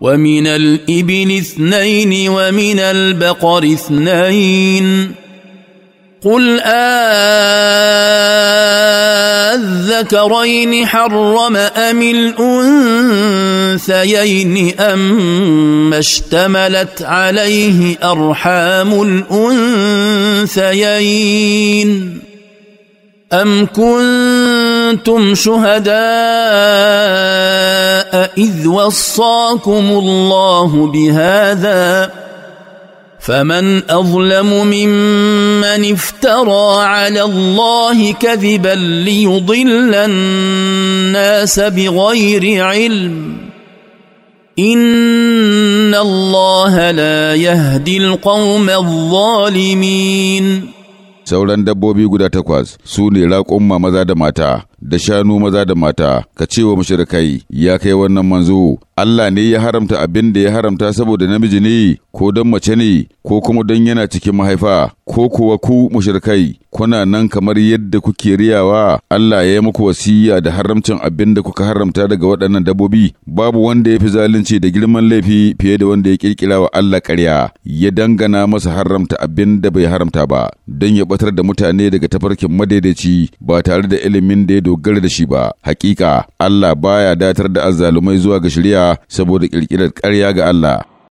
ومن الإبل اثنين ومن البقر اثنين قل أذكرين حرم أم الأنثيين أم اشتملت عليه أرحام الأنثيين أم كنت كنتم شهداء اذ وصاكم الله بهذا فمن اظلم ممن افترى على الله كذبا ليضل الناس بغير علم ان الله لا يهدي القوم الظالمين sauran dabbobi guda takwas su ne raƙumma maza da mata da shanu maza da mata ka ce wa mushrikai ya kai wannan manzo Allah ne ya haramta abin da ya haramta saboda namiji ne ko don mace ne ko kuma don yana cikin mahaifa ko kuwa ku mushrikai kuna nan kamar yadda kuke riyawa Allah ya yi muku wasiya da haramcin abin da kuka haramta daga waɗannan dabbobi. babu wanda ya fi zalunci da girman laifi fiye da wanda ya kirkira wa Allah ƙarya ya dangana masa haramta abin da bai haramta ba don ya batar da mutane daga tafarkin madaidaici ba tare da ilimin da ya dogara da shi ba hakika Allah baya datar da azzalumai zuwa ga shari'a saboda kirkirar ƙarya ga Allah